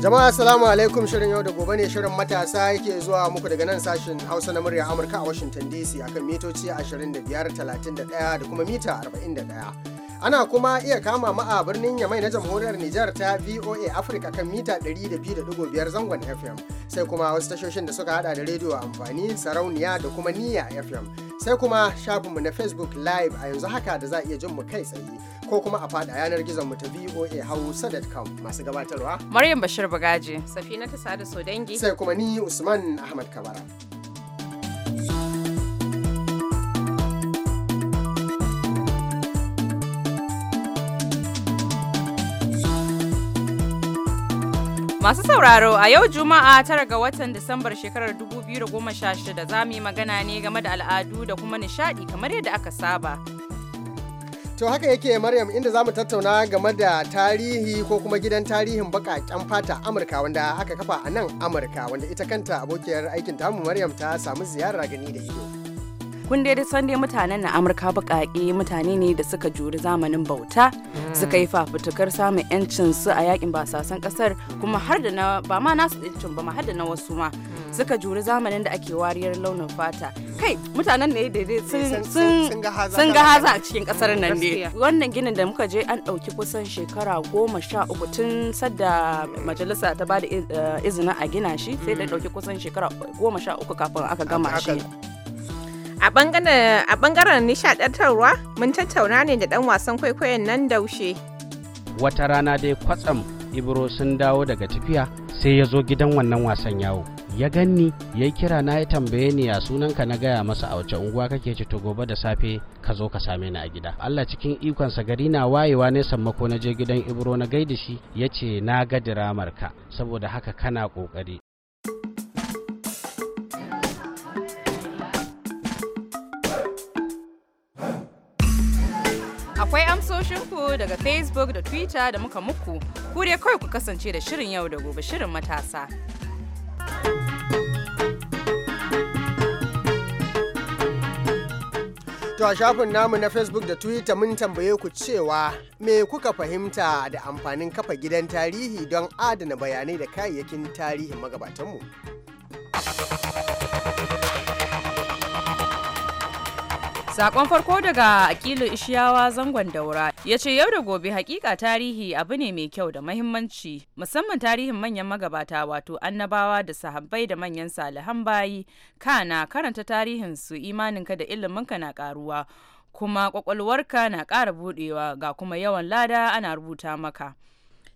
Jama'a assalamu alaikum shirin yau da gobe ne shirin matasa yake zuwa muku daga nan sashen Hausa na murya Amurka a Washington DC akan mitoci 25, 31 da kuma mita 41. Ana kuma iya kama mu a birnin Yamai na jamhuriyar Nijar ta VOA Africa kan mita 102.5 zangon FM. Sai kuma wasu tashoshin da suka hada da rediyo amfani, sarauniya da kuma niya FM. Sai kuma shafinmu na Facebook Live a yanzu haka da za a iya jin mu kai tsaye ko kuma a fada yanar gizon mu ta VOA Hausa.com masu gabatarwa. Maryam Bashir Bagaji, Safina Sodangi. Sai kuma ni Usman Ahmad Kabara. Masu sauraro a yau Juma'a tara ga watan Disambar shekarar 2016 za mu yi magana ne game da al'adu da kuma nishadi kamar yadda aka saba. To haka yake Maryam inda za mu tattauna game da tarihi ko kuma gidan tarihin bakaken fata Amurka wanda aka kafa a nan Amurka wanda ita kanta abokiyar aikin tamu Maryam ta samu ziyara gani da ido. kun dai sande mutanen na amurka bukaki mutane ne da suka juri zamanin bauta suka yi fafutukar samun yancin su a yakin basasan kasar kuma har da na ba ma nasu yancin ba ma har da na wasu ma suka juri zamanin da ake wariyar launin fata kai mutanen ne da sun ga haza a cikin kasar nan ne wannan ginin da muka je an ɗauki kusan shekara goma sha uku tun sadda majalisa ta ba da eh, izinin a gina shi sai da ɗauki kusan shekara goma sha uku kafin aka gama shi A bangaren nishaɗantarwa mun tattauna ne da ɗan wasan kwaikwayon nan daushe. Wata rana dai kwatsam Ibro sun dawo daga tafiya sai ya zo gidan wannan wasan yawo. Ya ganni ya kira na ya tambaye ni ya sunanka na gaya masa a wace unguwa kake ci to gobe da safe ka zo ka same ni a gida. Allah cikin ikonsa gari na wayewa ne sammako na je gidan Ibro na gaida shi ya ce na ga diramar saboda haka kana kokari Akwai amsoshin ku daga Facebook da Twitter da muka muku. Ku dai kawai ku kasance da shirin yau da gobe shirin matasa. To a shafin namu na Facebook da Twitter mun tambaye ku cewa me kuka fahimta da amfanin kafa gidan tarihi don adana bayanai da kayayyakin tarihin magabatanmu. Sakon farko daga Akilu Ishiyawa zangon daura ya ce yau da gobe hakika tarihi abu ne mai kyau da mahimmanci musamman tarihin manyan magabata wato annabawa da sahabbai da manyan salihan bayi kana karanta tarihin su imaninka da iliminka na karuwa kuma kwakwalwarka na kara budewa ga kuma yawan lada ana rubuta maka.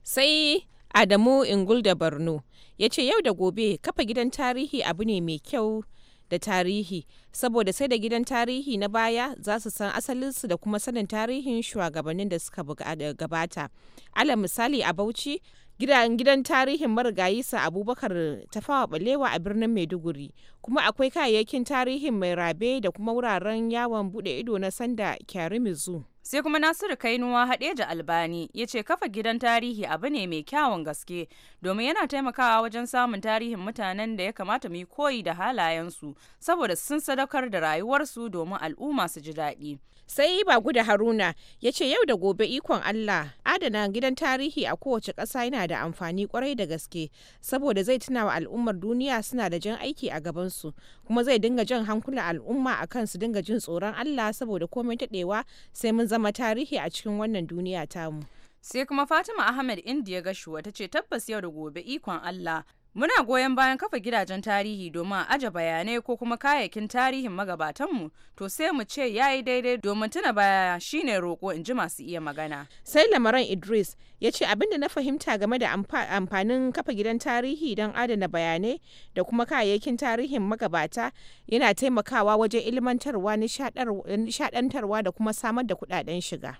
Sai Adamu Ingul da Barno ya ce yau da gobe kafa gidan tarihi abu ne mai kyau da tarihi saboda sai da gidan tarihi na baya za su san asalinsu da kuma sanin tarihin shugabannin da suka gabata ala misali a bauchi gidan tarihin marigayi sa abubakar tafawa balewa a birnin maiduguri kuma akwai kayayyakin tarihin mai rabe da kuma wuraren yawon bude ido na sanda kyarimizu sai kuma nasiru kainuwa haɗeja albani ya ce kafa gidan tarihi abu ne mai kyawun gaske domin yana taimakawa wajen samun tarihin mutanen da ya kamata mu yi koyi da halayensu saboda sun sadaukar da rayuwarsu domin al'umma su ji daɗi sai ba guda haruna ya ce yau da gobe ikon allah adana gidan tarihi a kowace ƙasa yana da amfani kwarai da gaske saboda zai tuna wa al'ummar duniya suna da jan aiki a gabansu kuma zai dinga jan hankula al'umma a kan su dinga jin tsoron allah saboda komai ɗewa sai mun zama tarihi a cikin wannan duniya tamu sai kuma fatima ahmed india gashuwa ta ce tabbas yau da gobe ikon allah Muna goyon bayan kafa gidajen tarihi domin a aje bayanai ko kuma kayayyakin tarihin magabatanmu to sai mu ce ya yi daidai domin tuna baya shine roƙo in ji masu iya magana. Sai lamaran Idris ya ce abin da na fahimta game da amfanin kafa gidan tarihi don adana bayanai da kuma kayayyakin tarihin magabata yana taimakawa wajen ilmantarwa nishadantarwa da kuma samar da kuɗaɗen shiga.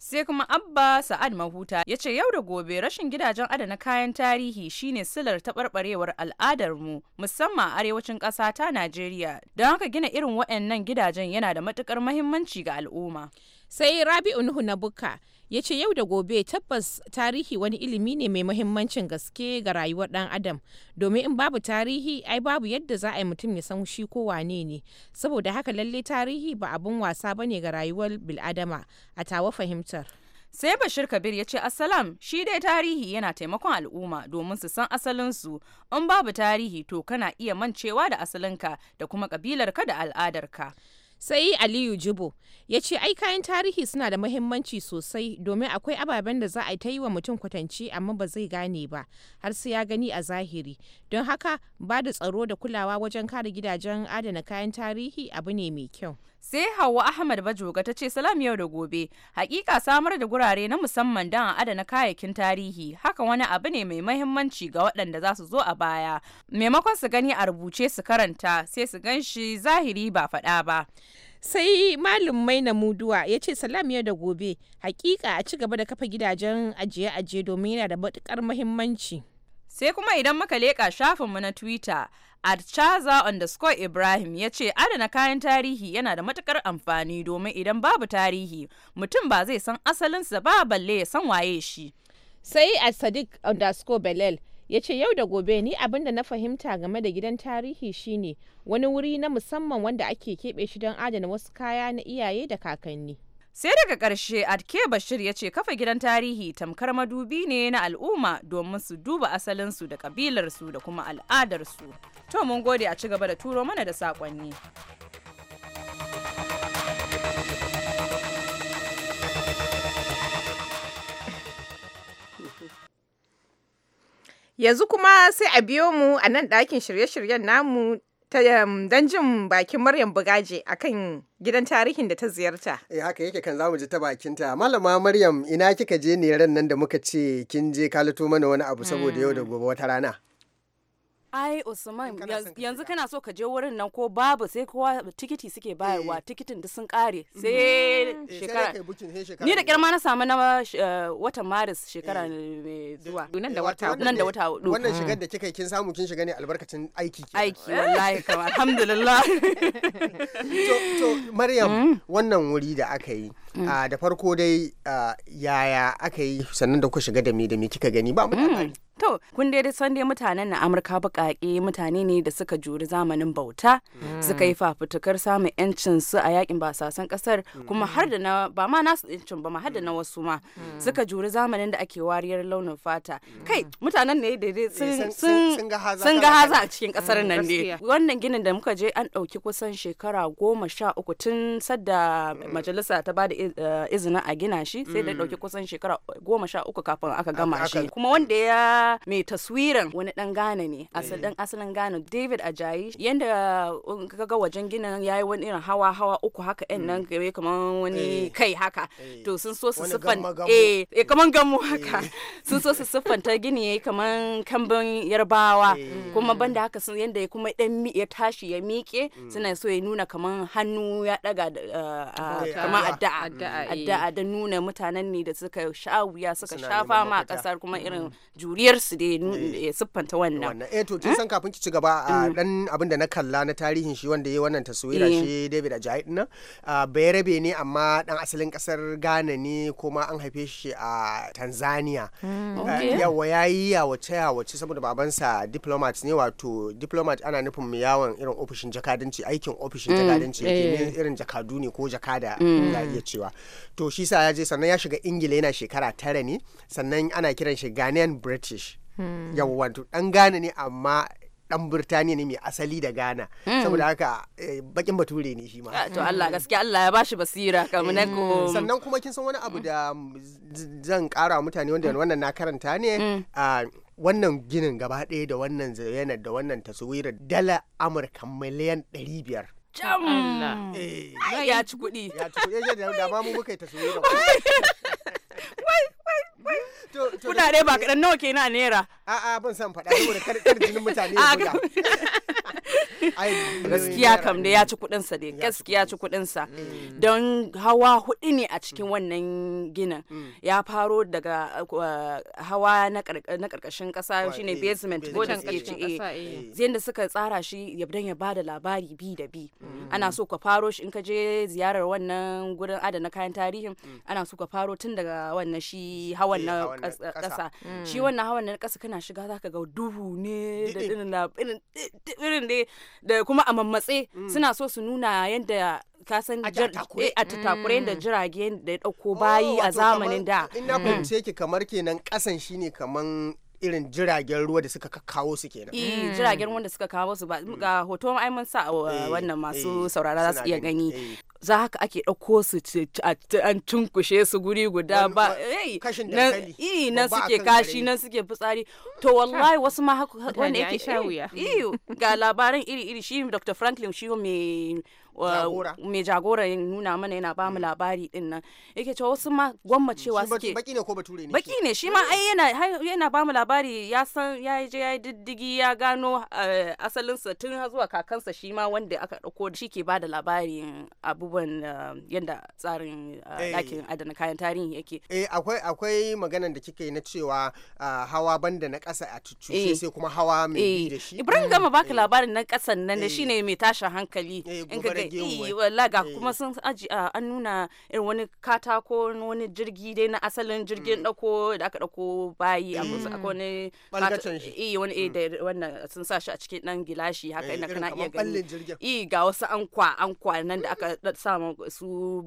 sai kuma abba sa'ad mahuta ya ce yau da gobe rashin gidajen adana kayan tarihi shine silar taɓarɓarewar al'adar mu musamman a arewacin ƙasa ta najeriya don haka gina irin waɗannan gidajen yana da matuƙar muhimmanci ga al'umma sai rabi'u nuhu na buka ya ce yau da gobe tabbas tarihi wani ilimi ne mai muhimmancin gaske ga rayuwar dan adam domin in babu tarihi ai babu yadda za a yi mutum ya san shi ko wane ne saboda haka lalle tarihi ba abun wasa ba ne ga rayuwar biladama a tawa fahimtar sai bashir kabir ya ce asalam shi dai tarihi yana taimakon al'umma domin su san asalinsu in babu tarihi to kana iya mancewa da asalinka da kuma kabilarka da al'adarka sai aliyu jibo ya ce ai kayan tarihi suna da mahimmanci sosai domin akwai ababen da za a ta yi wa mutum kwatance amma ba zai gane ba har sai ya gani a zahiri don haka ba da tsaro da kulawa wajen kare gidajen adana kayan tarihi abu ne mai kyau sai hawa ahmad bajoga ta ce salam yau da gobe hakika samar da gurare na musamman don a adana kayayyakin tarihi haka wani abu ne mai mahimmanci ga waɗanda za su zo a baya maimakon su gani a rubuce su karanta sai su gan shi zahiri ba faɗa ba sai malum na muduwa ya ce salam yau da gobe hakika a ci gaba da kafa gidajen ajiye-ajiye domin yana da matukar mahimmanci sai kuma idan muka leƙa shafinmu na twitter Adchaza underscore Ibrahim ya ce adana kayan tarihi yana da matukar amfani domin idan babu tarihi mutum ba zai san asalinsa ba balle ya san waye shi. Sai a Sadiq underscore Belel ya ce yau da gobe ni abin da na fahimta game da gidan tarihi shine wani wuri na musamman wanda ake keɓe shi don adana wasu kaya na iyaye da kakanni. sai daga ƙarshe adke bashir ya ce kafa gidan tarihi tamkar madubi ne na al'umma domin su duba asalinsu da ƙabilarsu da kuma al'adarsu to mun gode a ci gaba da turo mana da saƙonni yanzu kuma sai a biyo mu a nan ɗakin shirye-shiryen namu dan jin bakin Maryam Bugaje akan gidan tarihin da ta ziyarta. Eh haka yake kan zamu ji ta bakinta. Malama Maryam ina kika je ne ran nan da muka ce kin je kalato mana wani abu saboda mm. yau da gobe wata rana. ai usman yanzu kana so ka je wurin nan ko babu sai kowa tikiti suke bayarwa eh. tikitin duk sun kare mm-hmm. mm-hmm. eh, sai shekara ni da kirma na samu na eh, watan maris shekara mai zuwa nan da wata hudu wannan mm. shigar da kika kin samu kin shiga ne albarkacin aiki aiki wallahi kamar alhamdulillah to maryam mm. wannan wuri da aka yi Mm. Ah, da farko dai ah, yaya aka yi sannan da kuka shiga da me da me kika gani ba mu mm. To, kun dai san dai mutanen na Amurka bukaƙe mutane ne da suka juri zamanin bauta, mm. suka yi fafutukar samun 'yancin su a yakin basasan ƙasar, kuma har da na ba ma nasu 'yancin ba ma har da na wasu ma, suka juri zamanin da ake wariyar launin fata. Kai, mutanen ne da dai eh, sun ga haza a cikin ƙasar nan ne. Wannan ginin da muka je an ɗauki kusan shekara goma sha uku tun sadda majalisa ta bada Eh, izinin a gina shi sai da dauki mm. kusan shekara goma sha uku kafin aka gama shi kuma wanda ya mai taswiran wani dan gane ne eh. asalin asalin gane David Ajayi yanda kaga wajen ginin yayi wani irin hawa hawa uku haka ɗan nan mm. kamar wani eh. kai haka to sun so su siffan eh kamar gamu haka sun so su ta gini yayi kamar kambin yarbawa kuma banda haka sun yanda kuma dan ya tashi ya miƙe mm. suna so ya nuna kamar hannu ya daga kamar addu'a addu'a da nuna mutanen ne da suka sha wuya suka sha fama a kasar kuma mm. irin juriyar su da ya eh. eh, siffanta wannan eh to tun hmm? san kafin ki ci gaba a dan mm. abin da na kalla na tarihin shi wanda yayi wannan taswira eh. shi David Ajayi din nan bayarabe ne amma dan asalin kasar Ghana ne kuma an haife shi a Tanzania hmm. yawa yayi ya wace saboda babansa diplomat ne wato diplomat ana nufin mu yawon irin ofishin jakadanci aikin ofishin hmm. jakadanci irin jakadu ne ko jakada ya ce cewa to shi sa ya je sannan ya shiga ingila yana shekara tara ne sannan ana kiran shi ghanaian british hmm. yau wato dan ghana ne amma dan Birtaniya ne mai asali da Ghana hmm. saboda haka eh, bakin bature ne shi ma ah, to Allah gaskiya Allah ya bashi basira kamar na ko eh, sannan kuma kin san wani abu hmm. da mm, zan kara mutane wanda wannan na karanta ne wannan ginin gaba ɗaya da wannan zayyanar da wannan taswirar dala amurka miliyan 500 Jam! Ya ci kuɗi. Ya ci kuɗi, ya da ma mu muka yi ta soye da Kuɗaɗe ba kaɗan nawa kenan a naira. A'a ban san faɗa saboda kar jinin mutane ya buga. gaskiya kam da ya ci kudin sa dai gaskiya ci kudin sa mm. don hawa hudu ne a cikin wannan ginin mm. ya faro daga uh, hawa na karkashin kasa shine basement bodan HA zai da suka tsara shi yabdan ya bada labari bi da bi mm. ana so ka faro shi in ka je ziyarar wannan gurin adana kayan tarihin ana so ka faro tun daga wannan shi hawan na kasa shi wannan hawan na kasa kana shiga zaka ga duhu ne da irin irin dai da kuma a mammatse mm. suna so su nuna yadda ka san a tatakure eh, yadda mm. jirage da ya dauko bayi a oh, zamanin da ina mm. fahimce ki kamar kenan kasan shine kaman irin jiragen ruwa da suka kawo su kenan. Eh jiragen ruwa da suka kawo su ba ga hoto ai mun sa eh, wannan masu eh, saurara za su iya gani. za haka ake ɗauko su an cunkushe su guri guda ba eh, nan suke kashi nan suke fitsari to wallahi wasu ma haka wanda yake eh, ga labaran iri iri shi dr franklin shi mai mai jagora ya nuna mana yana ba mu mm. labari din nan yake cewa wasu ma cewa suke baki ne ko bature ne baki ne shi ma mm. ai yana yana ba mu labari ya san ya je ya diddigi ya gano eh, asalinsa tun zuwa kakansa shi ma wanda aka dauko shi ke ba da labarin abubuwan eh, yanda tsarin dakin eh, adana kayan tarihi yake eh akwai akwai maganan da kike na cewa hawa banda na kasa a cuccuce sai kuma hawa mai bi da shi ibrahim gama mm. baka labarin na kasan nan da shine mai tashin hankali in ka Eh, laga eh. kuma sun aji an nuna irin wani katako wani jirgi dai na asalin jirgin dako mm. da aka dako bayi a mm. musu akwai wani eh wani eh, mm. da wannan sun sa shi a cikin dan gilashi haka ina kana iya gani eh ga wasu ankwa ankwa nan da aka sa su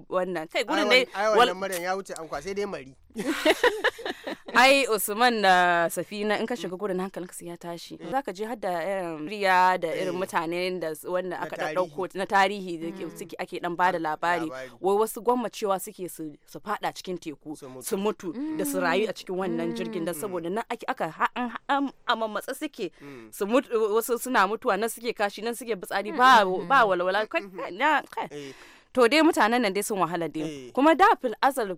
wannan kai gurin dai wannan maryam ya wuce ankwa sai dai mari ai usman da safina in ka shiga gurin hankalinka sai ya tashi eh. za ka je hadda irin riya da irin eh. mutane da wanda aka ɗauko na tarihi da mm. ake dan bada labari wai wasu gwammacewa suke su fada cikin teku su mutu mm. da su rayu a cikin wannan jirgin dan mm. saboda nan ake aka amma matsa suke su mutu wasu suna mutuwa nan suke kashi nan suke fitsari ba walwala to dai mutanen nan dai sun wahala dai eh. kuma da fil azal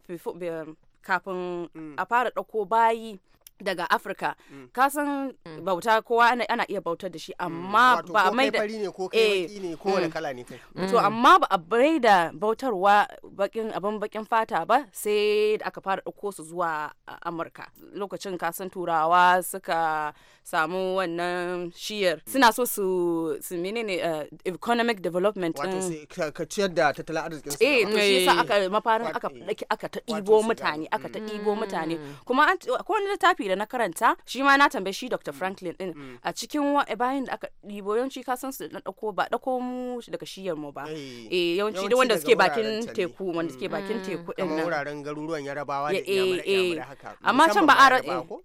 kafin mm. a fara ɗauko bayi daga afirka mm. san mm. bauta kowa ana, ana iya bautar da shi mm. amma mm. ba a mai da ne ko kai eh, ne ko wani mm. kala ne kai to mm. amma ba a bai da bautarwa bakin abin bakin fata ba sai da aka fara ɗauko su zuwa amurka lokacin ka san turawa suka samu wannan shiyar suna so su su menene uh, economic development din ka ciyar da tattalin arzikin eh to shi sa aka mafarin aka aka ta ibo mutane aka ta ibo mutane kuma ko wani littafi da na karanta shi ma na tambaye shi Dr. Franklin din mm. a cikin eh, bayan da aka ɗibo yawanci ka san su na ɗauko ba ɗauko mu daga shiyar mu ba eh yawanci da wanda suke bakin teku wanda suke mm. bakin mm. teku din nan wuraren garuruwan Yarabawa da da eh, eh. haka amma can ba ara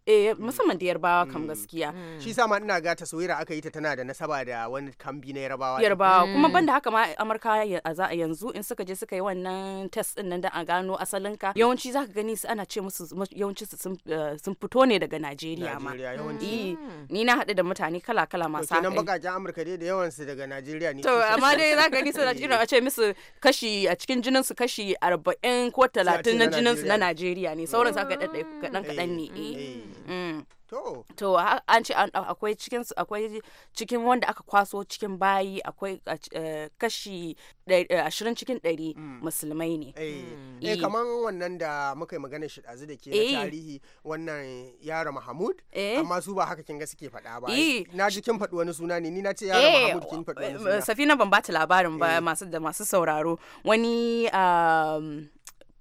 eh musamman da Yarbawa kam gaskiya shi sa ma ina ga taswira aka yi ta tana da nasaba da wani kambi na Yarbawa Yarbawa kuma banda haka ma Amurka a za a yanzu in suka je suka yi wannan test din nan da a gano asalinka yawanci zaka gani su ana ce musu yawanci sun fito ne daga Najeriya ma. Mm. Ni na haɗu da mutane kala-kala masu haɗari. Kenan bakaken Amurka dai da yawan su daga Najeriya ne. To amma dai za ka gani da irin a ce musu kashi a cikin jinin su kashi arba'in ko talatin na jinin su na Najeriya ne sauran sa ka mm. ɗan kaɗan ne. Eh. Eh. Mm. To. an ce akwai cikin akwai cikin wanda aka kwaso cikin bayi akwai eh, kashi eh, ashirin cikin 100 mm. musulmai ne. Eh, mm. eh kamar wannan da muka yi magana shi da ke tarihi wannan yara Mahmud. Amma su ba haka kin ga suke faɗa ba. Na ji kin faɗi wani suna ne ni na ce yara Mahmud kin faɗi wani suna. Safina ban bata labarin ba masu da masu sauraro wani um,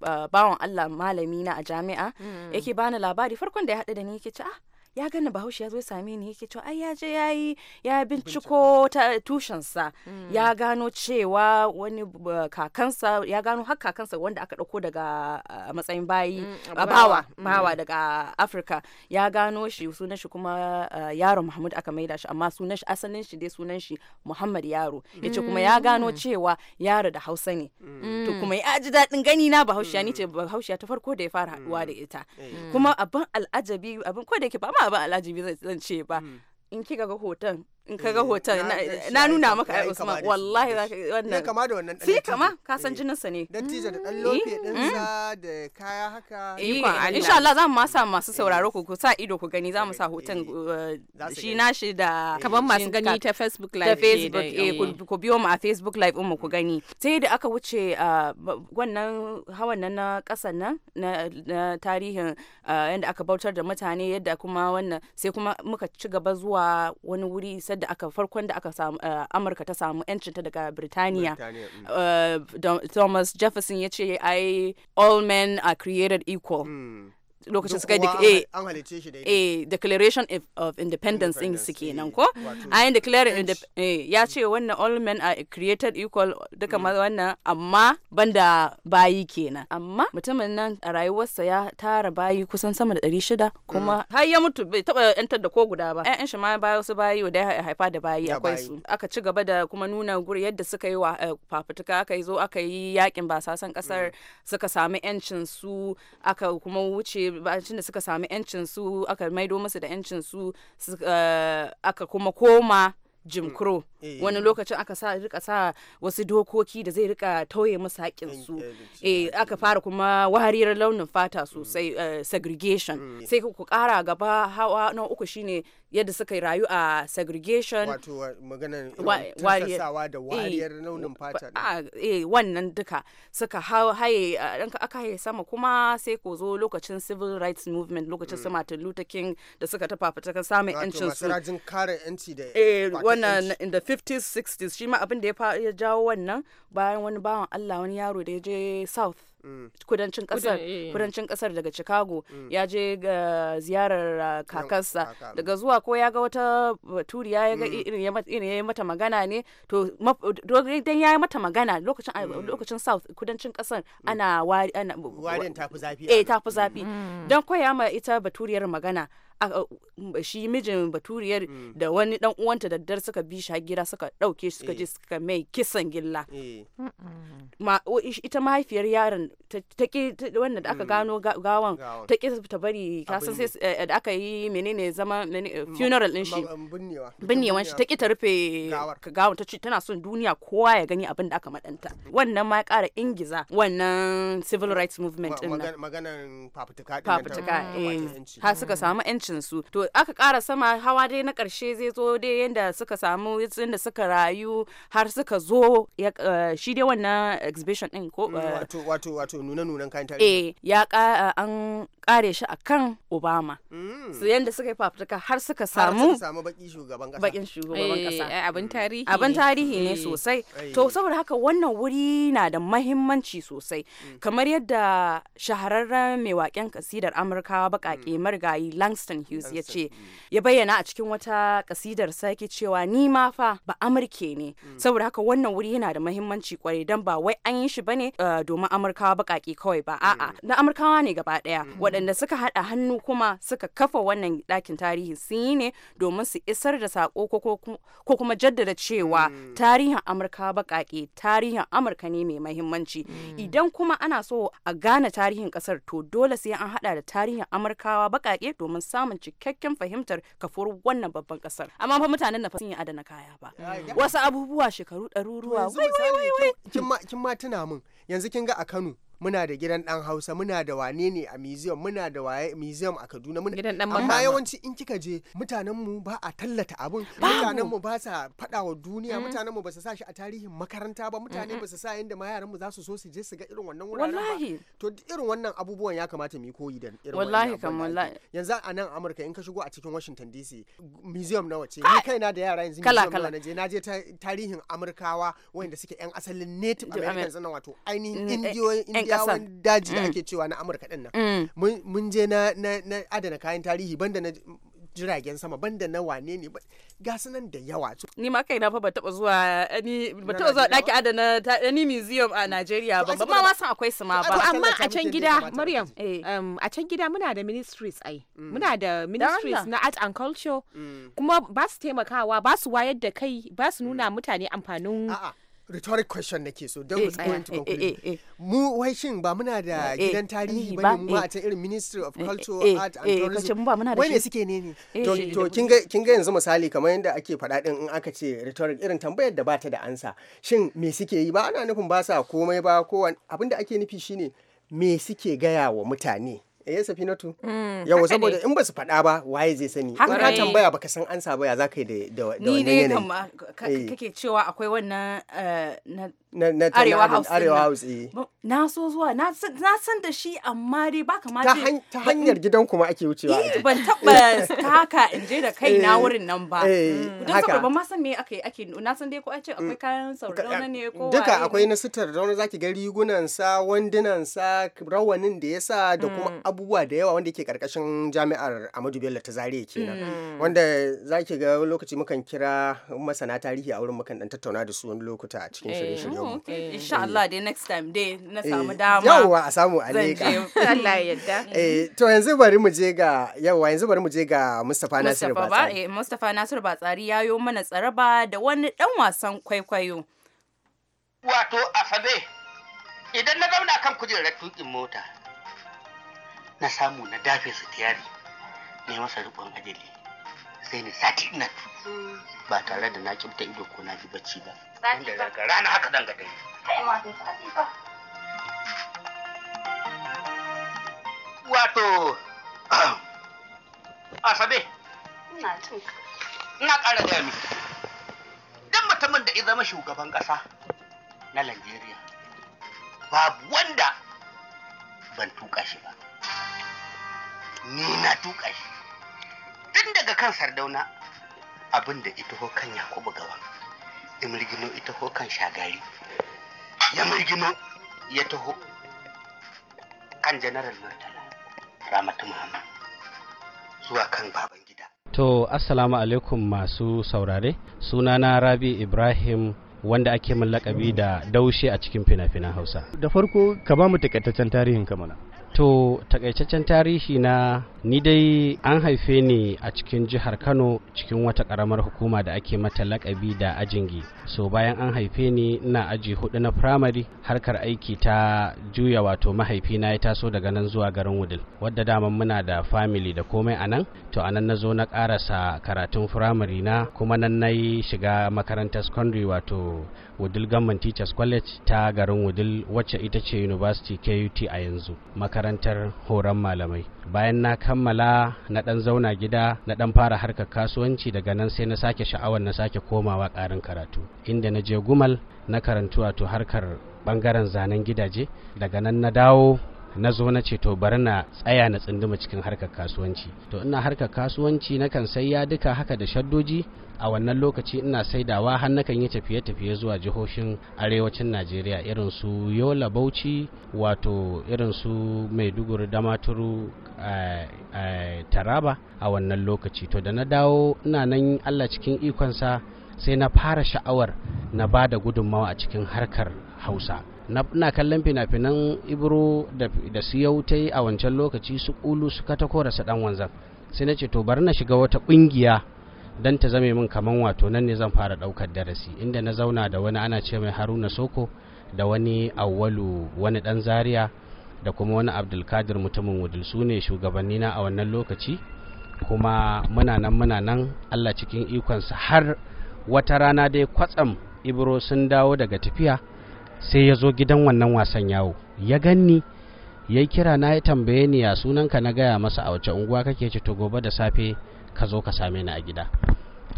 uh, bawan Allah malami na a jami'a mm. yake bani labari farkon da ya haɗu da ni yake ce ah ya gani bahaushe ya zo sami same ni yake cewa ai ya je ya yi ya binciko eh, tushensa hmm. ya gano cewa wani kakansa ya gano har kakansa wanda aka dauko daga matsayin bayi hmm, bawa hmm. bawa daga afirka ya gano shi sunan shi kuma eh, yaro muhammad aka maida shi amma sunan shi asalin shi dai sunan shi muhammad yaro yace kuma ya gano cewa yaro da hausa ne to kuma ya ji daɗin gani na bahaushe ni ce bahaushe ta farko da ya fara haɗuwa da ita kuma abin al'ajabi abin ko da yake ba ba ba alajibi zan ce ba mm. in kika ga hoton in ka ga hoton na nuna maka ai eh, Usman wallahi za ka wannan kama da wannan sai kama ka san jinin sa ne dan tija da dan mm, lofi din mm. sa da kaya haka eh, ikon Allah insha Allah za mu ma sa masu eh. sauraro ku sa ido ku gani za mu sa hoton uh, shi shi da kaban masu gani ta Facebook live ta Facebook eh ku biyo mu a Facebook live din mu ku mm. gani sai da aka wuce uh, wannan hawan nan na kasan nan na tarihin uh, yadda aka bautar da mutane yadda kuma wannan sai kuma muka ci gaba zuwa wani wuri da aka farkon da aka samu eh, amurka ta samu yancinta daga birtaniya mm. eh, thomas jefferson ya ce ai all men are created equal mm. lokacin suka yi eh, eh, declaration of independence in su kenan ko yin declaring eh, ya ce wannan all men are created equal duka mm. ma wannan amma banda bayi kenan amma mutumin nan a rayuwarsa ya tara bayi kusan sama da 600 kuma mm. har ya mutu bai taba yantar da ko guda ba ƴaƴan shi ma bayo su bayi da ya haifa da bayi akwai su aka ci gaba da kuma nuna guri yadda suka yi wa fafutuka aka yi zo aka yi yakin basasan kasar mm. suka samu yancin su aka kuma wuce bacin da suka sami yancin su aka maido musu da yancin su eh, aka kuma koma jim mm. crow eh, wani eh. lokacin aka sa rika sa wasu dokoki da zai rika tauye musu haƙƙin su aka fara kuma wariyar launin fata mm. sosai segregation mm. sai ku ƙara gaba hawa na uku shine yadda suka yi rayu a segregation wato maganar da eh, wariyar launin fata ah, eh wannan duka suka haye aka haye sama kuma sai ko zo lokacin civil rights movement lokacin mm. su Martin Luther King da suka tafa kan samun yancin su rajin kare yanci da eh wannan in the 50s 60s shi ma abin da ya jawo wannan bayan wani bawan Allah wani yaro da ya je south Mm. kudancin kasar eh, eh. kudancin kasar daga chicago mm. ya je ga ziyarar uh, kakarsa daga zuwa ko ya ga wata turi ya ga mm. irin ya yi mata magana ne to dan ya yi mata magana lokacin lokacin south kudancin kasar ana warin tafi zafi eh tafi zafi dan koya ma ita baturiyar magana shi mijin baturiyar mm. da wani dan uwanta da dar suka bi shi gira suka dauke shi suka je eh. suka mai kisan gilla eh. ita mahaifiyar yaron ta ki wanda da aka mm. gano gawan ta ki ta bari san sai eh, da aka yi menene zama funeral din shi binnewan shi ta ki ta rufe gawan ta ce tana son duniya kowa ya gani abin da aka madanta wannan ma ya kara ingiza wannan civil rights movement din maganan fafutuka fafutuka har suka samu yanci tashin su to aka ƙara sama hawa dai na ƙarshe zai zo dai yanda suka samu yadda suka rayu har suka zo eh, shi dai wannan exhibition din ko mm, eh, wato wato wato nuna nunan kayan tarihi eh ya eh, an kare shi akan Obama mm. su yanda suka yi fafutuka har suka samu samu bakin shugaban kasa bakin shugaban kasa abin mm. tarihi abin tarihi ne sosai to saboda haka wannan wuri na da mahimmanci sosai kamar yadda shahararren mai waken kasidar Amurkawa bakake marigayi Langston Hughes ya ce mm. ya bayyana a cikin wata kasidar sake cewa ni ma fa ba Amurke ne mm. saboda haka wannan wuri yana da mahimmanci kwarai dan ba wai an yi shi bane uh, domin Amurkawa bakaki kawai ba a'a mm. na Amurkawa ne gaba daya waɗanda suka haɗa hannu kuma suka kafa wannan ɗakin tarihi sun yi ne domin su isar da sako ko kuma jaddada cewa tarihin Amurka bakaki tarihin Amurka ne mai mahimmanci idan kuma ana so a gane tarihin kasar to dole sai an haɗa da tarihin Amurkawa baƙaƙe domin samun samun cikakken fahimtar kafuwar wannan babban kasar amma fa mutanen na fa sun yi adana kaya ba wasu abubuwa shekaru ɗaruruwa wai wai wai kin ma tuna min yanzu kin ga a Kano muna da gidan dan hausa muna da wane ne a museum muna da waye museum a kaduna muna gidan dan amma yawanci in kika je mutanen mu ba a tallata abun mutanen mu ba sa fada wa duniya mm. mutanen mu ba su sa shi a tarihin makaranta ba mutane ba su sa yanda ma yaran mu za su so su je su ga irin wannan wuraren ba to irin wannan abubuwan ya kamata mu yi koyi da irin wallahi kam wallahi yanzu a nan Amurka in ka shigo a cikin Washington DC museum nawa ce ni kaina da yara yanzu kala na je na je tarihin Amurkawa wanda suke yan asalin native Americans na wato ainihin eh, indiyoyin eh, yawon daji da mm. ake cewa na amurka din nan mm. mun je na adana kayan tarihi banda na jiragen sama banda na wane ne ga nan da yawa ni ma kai na fa ba taba zuwa ni ba taba zuwa daki adana ni museum a Nigeria ba ba ma san akwai su ma ba amma a can gida Maryam eh. um, a can gida muna da ministries ai mm. muna da ministries na art and culture kuma ba su taimakawa ba su wayar da kai ba su nuna mutane amfanin rhetoric question nake so don was going to conclude mu wai shin ba muna da eh, eh, gidan tarihi ba ne mu a eh. ta irin ministry of culture art and tourism wai ne suke ne ne to kin ga yanzu misali kamar yadda ake faɗa din in aka ce rhetoric irin tambayar da bata da ansa shin me suke yi ba ana nufin ba sa komai ba ko abin da ake nufi shine me suke gaya wa mutane eh safinatu mm, yawa saboda in ba su faɗa ba waye zai sani in ka tambaya baka san ansa ba ya zaka ka yi da wannan yanayi ni ne kake cewa akwai wannan eh, na arewa house arewa house eh. na so zuwa na san da shi amma dai ba kamar ta hanyar gidan kuma ake wucewa eh, ban taba taka in je da kai na eh, wurin nan ba mm. don saboda ban ma san me ake ake na san dai ko an ce akwai mm. kayan sauraron ne ko duka akwai na sitar rauna zaki ga rigunan sa wandunan sa rawanin da yasa da kuma mm. abubuwa da yawa wanda yake karkashin jami'ar Ahmadu Bello ta Zaria kenan wanda zaki ga lokaci mukan kira masana tarihi a wurin mukan dan tattauna da su wani lokuta a cikin shirye-shirye Oh, yau eh. insha Allah dai next time dai na samu eh. dama yawwa a samu a leka Allah ya yarda eh, to yanzu bari mu je ga yawwa yanzu bari mu je ga Mustapha Nasiru Batsari Mustapha Nasiru Batsari yo mana tsaraba da wani dan wasan kwaikwayo wato asabe idan na zauna kan kujerar tukin mota na samu na dafe su tiyari ne masa rikon ajali sai ne sati ina mm. ba tare da na kimta ido ko na ji bacci ba Inda daga rana haka zan Wato, Asabe. Ina ƙara gaya miki. Duk mutumin da izama zama shugaban ƙasa na Najeriya, babu wanda ban tuƙa shi ba. Ni na tuƙa shi. Tun daga kan sardauna abin da ito kan Yakubu gawan. ya mirgino ita ko kan shagari ya mirgino ya taho kan janaral murtala ramatu muhammad zuwa kan baban gida to assalamu alaikum masu saurare sunana rabi ibrahim wanda ake min lakabi da daushe a cikin fina-finan hausa da farko ka ba mu takaitaccen tarihin kamala to takaitaccen tarihi na ni dai an haife ni a cikin jihar kano cikin wata karamar hukuma da ake mata lakabi da ajingi so bayan an haife ni ina aji hudu na firamare harkar aiki ta juya wato mahaifina ya taso daga nan zuwa garin wudil wadda dama muna da famili da komai a nan to anan na zo na karasa karatun firamare na kuma nan na yi shiga makarantar secondary wato wudil gamman teachers college ta garin wudil wacce ita ce university kut a yanzu makarantar horon malamai bayan na kammala na ɗan zauna gida na ɗan fara harkar kasuwanci daga nan sai na sake sha'awar na sake komawa ƙarin karatu inda na je gumal na karantu wato harkar ɓangaren zanen gidaje daga nan na dawo na zo na ce to bari na tsaya na tsinduma cikin harkar kasuwanci to ina harkar kasuwanci nakan sai ya duka haka da shaddoji a wannan lokaci ina saidawa har nakan yi tafiye-tafiye zuwa jihohin arewacin najeriya irin su yola bauchi wato irin su maiduguri damaturu eh, eh, taraba a wannan lokaci to da na dawo ina nan allah cikin ikonsa sai na fara sha'awar na ba da gudunmawa a cikin harkar hausa na kallon fina-finan ibro da siyau ta yi a wancan lokaci su kulu su katako da su dan wanzan sai na ce to bari na shiga wata kungiya dan ta zame min kaman wato nan ne zan fara daukar darasi inda na zauna da wani ana ce mai haruna soko da wani awwalu wani dan zaria da kuma wani abdulkadir mutumin wudul su ne na a wannan lokaci kuma muna nan muna nan allah cikin ikonsa har wata rana dai kwatsam ibro sun dawo daga tafiya sai ya zo gidan wannan wasan yawo ya ganni ya kira na ya tambaye ni ya sunanka na gaya masa a wace unguwa kake ce to gobe da safe ka zo ka same ni a gida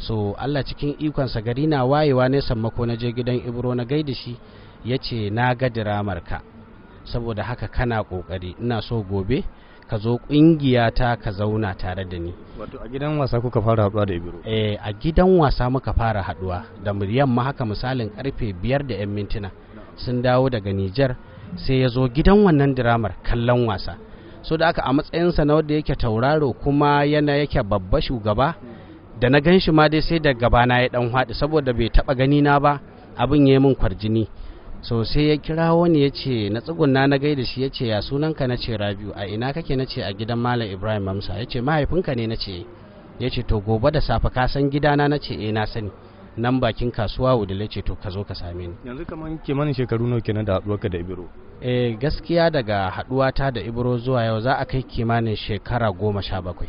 so Allah cikin ikon sa gari na wayewa ne sammako na je gidan ibro na gaida shi yace ce na ga diramar ka saboda haka kana kokari ina so gobe ka zo ta ka zauna tare da ni wato a gidan wasa kuka fara haduwa da ibro eh a gidan wasa muka fara haduwa da yamma haka misalin karfe 5 da yan mintuna sun dawo daga Nijar sai ya zo gidan wannan diramar kallon wasa so da aka a matsayinsa na wanda yake tauraro kuma yana yake babba shugaba da na gan shi ma dai sai da gabana ya dan haɗu saboda bai taɓa gani na ba abin ya yi min kwarjini so sai ya kira wani ya ce na tsugunna na gaida shi ya ce ya sunanka na ce rabiu a ina kake na ce a gidan malam ibrahim amsa ya ce mahaifinka ne na ce eh. ya ce to gobe da safe ka san gidana na ce eh na sani nan bakin kasuwa wudule ce to ka zo ka same ni yanzu kamar kimanin shekaru nawa kenan da haduwarka da ibro eh gaskiya daga haduwa ta da ibro zuwa yau za a kai kimanin shekara goma sha bakwai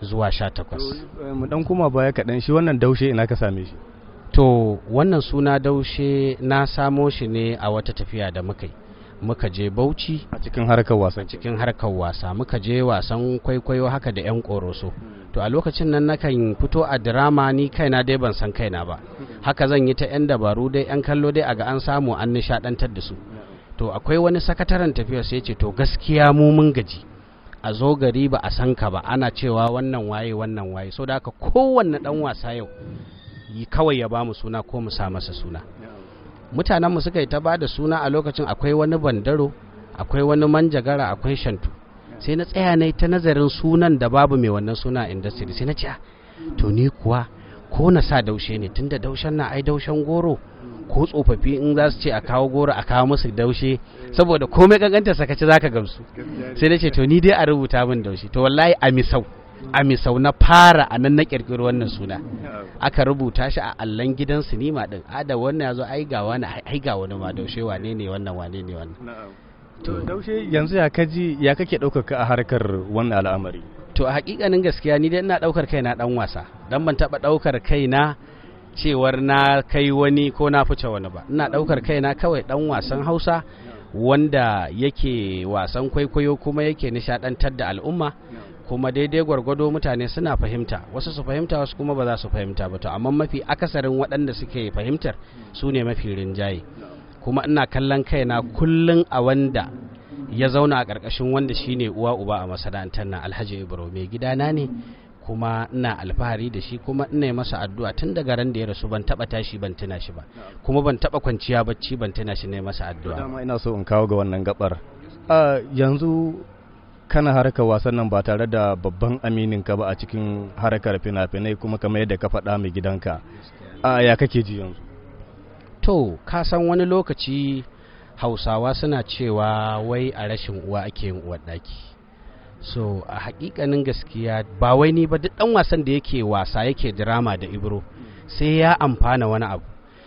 zuwa sha takwas eh, mu dan kuma baya kaɗan shi wannan daushe ina ka same shi to wannan suna daushe na samo shi ne a wata tafiya da muka yi muka je bauchi a cikin harkar wasan. cikin harkar wasa muka je wasan kwaikwayo haka da 'yan koroso hmm. to a lokacin nan nakan fito a drama ni kaina dai ban san kaina ba hmm. haka zan yi ta 'yan dabaru dai 'yan kallo dai a ga an samu an nishadantar da su hmm. to akwai wani sakataren tafiyar sai ce to gaskiya mu mun gaji a zo gari ba a san ka ba ana cewa wannan waye wannan waye so da haka kowanne dan wasa yau yi kawai ya ba mu suna ko mu sa masa suna Mutanen mu suka yi ta ba da suna a lokacin akwai wani bandaro akwai wani manjagara akwai shantu sai na tsaya na ta nazarin sunan da babu mai wannan suna industry sai na ce ah, to ni kuwa ko na sa daushe ne tunda daushen na ai daushen goro ko tsofaffi in za su ce a kawo goro a kawo musu daushe saboda komai kankanta sakaci zaka gamsu sai na ce to ni dai a rubuta min daushe to wallahi a misau a misau na fara a nan na kirkiri wannan suna aka rubuta shi a allon gidan sinima din a da wannan ya zo ai ga wani ai ga wani ma daushe wane ne wannan wane ne wannan to daushe yanzu ya kaji ya kake ɗaukaka a harkar wannan al'amari to a hakikanin gaskiya ni dai ina ɗaukar kaina dan wasa dan ban taɓa ɗaukar kaina cewar na kai wani ko na fice wani ba ina ɗaukar kaina kawai dan wasan hausa wanda yake wasan kwaikwayo kuma yake nishadantar da al'umma kuma daidai gwargwado mutane suna fahimta wasu su fahimta wasu kuma ba za su fahimta ba to amma mafi akasarin waɗanda suke fahimtar su ne mafi rinjaye kuma ina kallon kaina kullum a wanda ya zauna a ƙarƙashin wanda shine uwa uba a masana'antar na alhaji ibro mai gidana ne kuma ina alfahari da shi kuma ina masa addu'a tun daga ran da ya rasu ban taba tashi ban tuna shi ba kuma ban taba kwanciya bacci ban tuna shi ne masa addu'a ina so in kawo ga wannan gabar ah, yanzu kana harkar wasan nan ba tare da babban aminin ka ba a cikin harkar fina-finai kuma kamar yadda ka faɗa mai gidanka a ya kake ji yanzu to ka san wani lokaci hausawa suna cewa wai a rashin uwa ake yin uwar ɗaki so a hakikanin gaskiya ba wai ni ba duk ɗan wasan da yake wasa yake drama da ibro sai ya amfana wani abu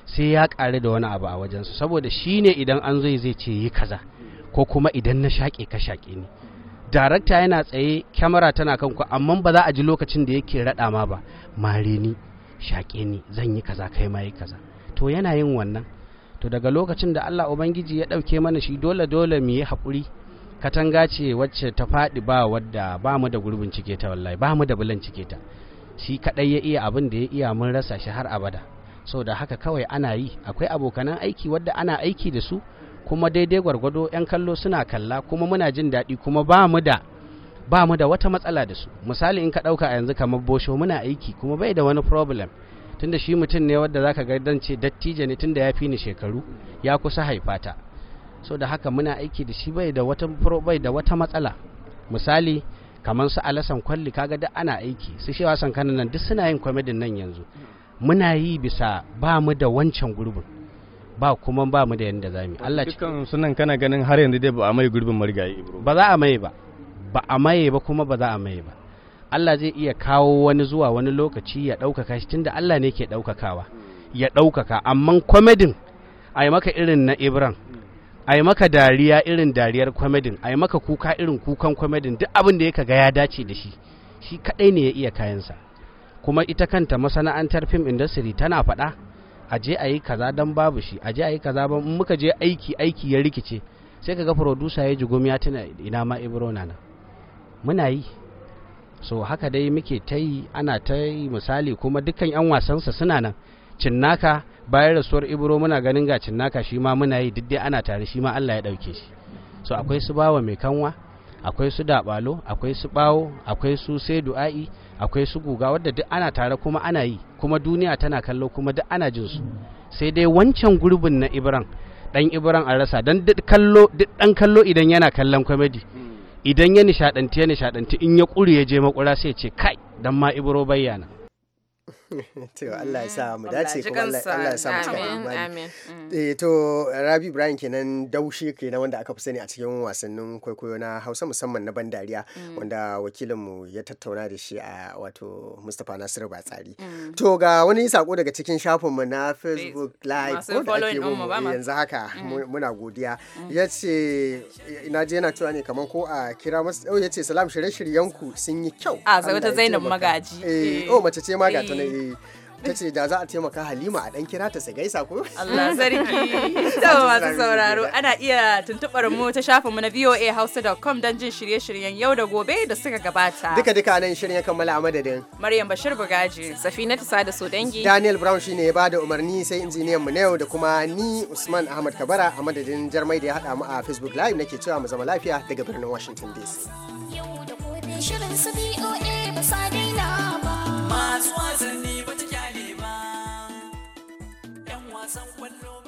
sai ya ƙare da wani abu a wajensu saboda shi ne idan an zo zai ce yi kaza ko kuma idan na shaƙe ka shaƙe ni darakta yana tsaye kyamara tana kan ku amma ba za a ji lokacin da yake raɗa ma ba mare ni shaƙe ni zan yi kaza kai ma yi kaza to yana yin wannan to daga lokacin da Allah ubangiji ya ɗauke mana shi dole dole mu yi haƙuri katanga ce wacce ta faɗi ba wadda ba mu da gurbin cike ta wallahi ba mu da bulan cike ta shi kaɗai ya iya abin da ya iya mun rasa shi har abada so da haka kawai ana yi akwai abokanan aiki wadda ana aiki da su kuma daidai gwargwado 'yan kallo suna kalla kuma muna jin daɗi kuma ba mu da ba mu da wata matsala da su misali in ka ɗauka a yanzu kamar bosho muna aiki kuma bai da wani problem tunda shi mutum ne wadda zaka ga dan ce dattijo ne tunda ya fi ni shekaru ya kusa haifata so da haka muna aiki da shi bai da wata bai da wata matsala misali kamar su alasan kwalli kaga duk ana aiki su shewa san kanan nan duk suna yin kwamedin nan yanzu muna yi bisa ba mu da wancan gurbin ba kuma ba mu da yadda zami Allah cikin sunan kana ganin har yanzu dai ba a mai gurbin marigayi ba za a mai ba ba a maye ba kuma ba za a maye ba Allah zai iya kawo wani zuwa wani lokaci ya ɗaukaka shi tunda Allah ne ke ɗaukakawa ya ɗaukaka amma kwamedin a yi maka irin na Ibran a yi maka dariya irin dariyar kwamedin a yi maka kuka irin kukan kwamedin duk abin da ya ga ya dace da shi shi kaɗai ne ya iya kayansa kuma ita kanta masana'antar fim industry tana faɗa a je a yi kaza don babu shi a je a yi kaza ba muka je aiki aiki ya rikice sai ka ga produsa ya jigom ya tuna ina ma ibro na muna yi so haka dai muke ta yi ana ta yi misali kuma dukkan yan wasansa suna nan cinnaka bayan rasuwar ibro muna ganin ga cinnaka shi ma muna yi duk dai ana tare shi ma Allah ya ɗauke shi so akwai su bawa mai kanwa akwai su dabalo akwai su bawo akwai su sai du'a'i akwai su guga wadda duk ana tare kuma ana yi kuma duniya tana kallo kuma duk ana jin su sai dai wancan gurbin na ibran dan ibran an rasa dan duk kallo duk dan kallo idan yana kallon comedy idan ya nishadanti ya nishadanti in ya kure ya je makura sai ce kai dan ma ibro bayyana to Allah ya sa mm-hmm. mu dace kuma Allah ya sa mu cika imani mm. eh to Rabi Ibrahim kenan daushe kenan wanda aka fi sani a cikin wasannin kwaikwayo na Hausa musamman na bandariya mm. wanda wakilin mu ya tattauna da shi a wato Mustapha Nasiru Batsari mm. to ga wani sako daga cikin shafin mu na Facebook live ko da ake mu yanzu haka muna godiya yace ina je na cewa ne kamar ko a kira oh yace salam shirye-shiryen ku sun yi kyau a zai ta Zainab Magaji eh oh mace ce ma ga ta ne ce ta ce da za a taimaka halima a dan kira ta su gaisa ko Allah sarki da masu sauraro ana iya tuntubar mu ta shafinmu na voahausa.com don jin shirye-shiryen yau da gobe da suka gabata duka duka nan shirin ya kammala a madadin Maryam Bashir Bugaji Safina sada da Sodangi Daniel Brown shine ya da umarni sai injiniyan mu na yau da kuma ni Usman Ahmad Kabara a madadin Jarmai da ya hada mu a Facebook Live nake cewa mu zama lafiya daga birnin Washington DC yau shirin su ba sa daina ba masu wasan kwallo